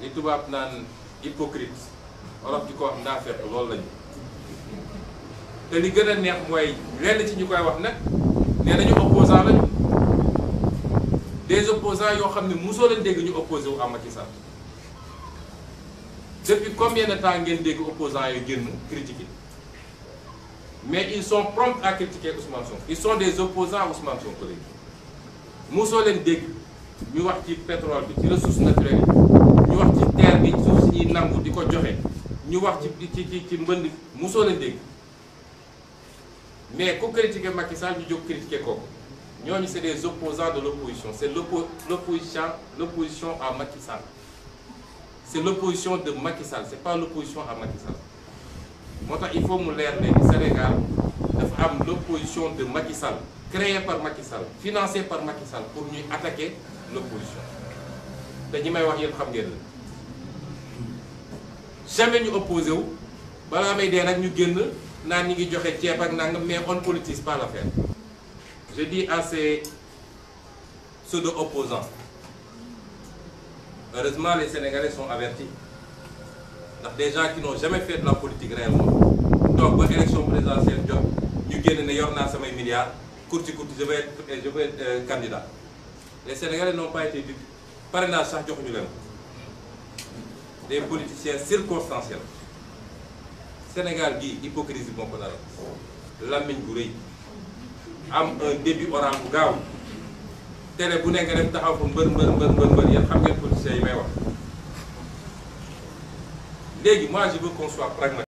li tubaab naan hypocrite olof di ko wax naafeq loolu lañu te li gën a neex mooy lenn ci ñu koy wax nag nee nañu opposant lañu des opposants yoo xam ne mosoo leen dégg ñu opposé wu Macky Sall depuis combien de temps ngeen dégg opposants yu génn critiquer mais il sont prompts à critiquer Ousmane Sonko ils sont des opposants à Ousmane Sonko léegi mosoo leen dégg ñu wax ci pétrole bi ci ressources naturelles yi ñu wax ci terre bi suuf nangu di ko joxe ñu wax ci ci ci ci mbënd mosoo leen dégg mais ku critiquer Macky Sall ñu jóg critiquer ko ñooñu c'est des opposants de l'opposition c'est l'oppo l'opposition l'opposition à Macky Sall c'est l'opposition de Macky Sall c'est pas l'opposition à Macky Sall moo tax il faut mu leer ne Sénégal dafa am l'opposition de Macky Sall par Macky Sall par Macky Sall pour ñuy attaquer l'opposition te ñi may wax yéen xam ngeen jamais ñu opposé wu balaa may dee rek ñu génn naa ñi ngi joxe ceeb ak nangam mais on politise pas l'affaire je dis à ces de opposants heureusement les sénégalais sont avertis ndax des gens qui n'ont jamais fait de la politique réellement toog ba élection présidentielle jot ñu génn ne yor naa samay milliards courti courti je vais je euh, les sénégalais n'ont pas été parrainage sax joxuñu leen des politiciens circonstanciels Sénégal gii hypocrisie moo ko dara làmmiñ bu rëy am un début orange bu gaaw télé bu nekk dem taxaw fa mbër mbër mbër mbër mbër xam ngeen politiciens yi may wax léegi moi je veux qu'on pragmatique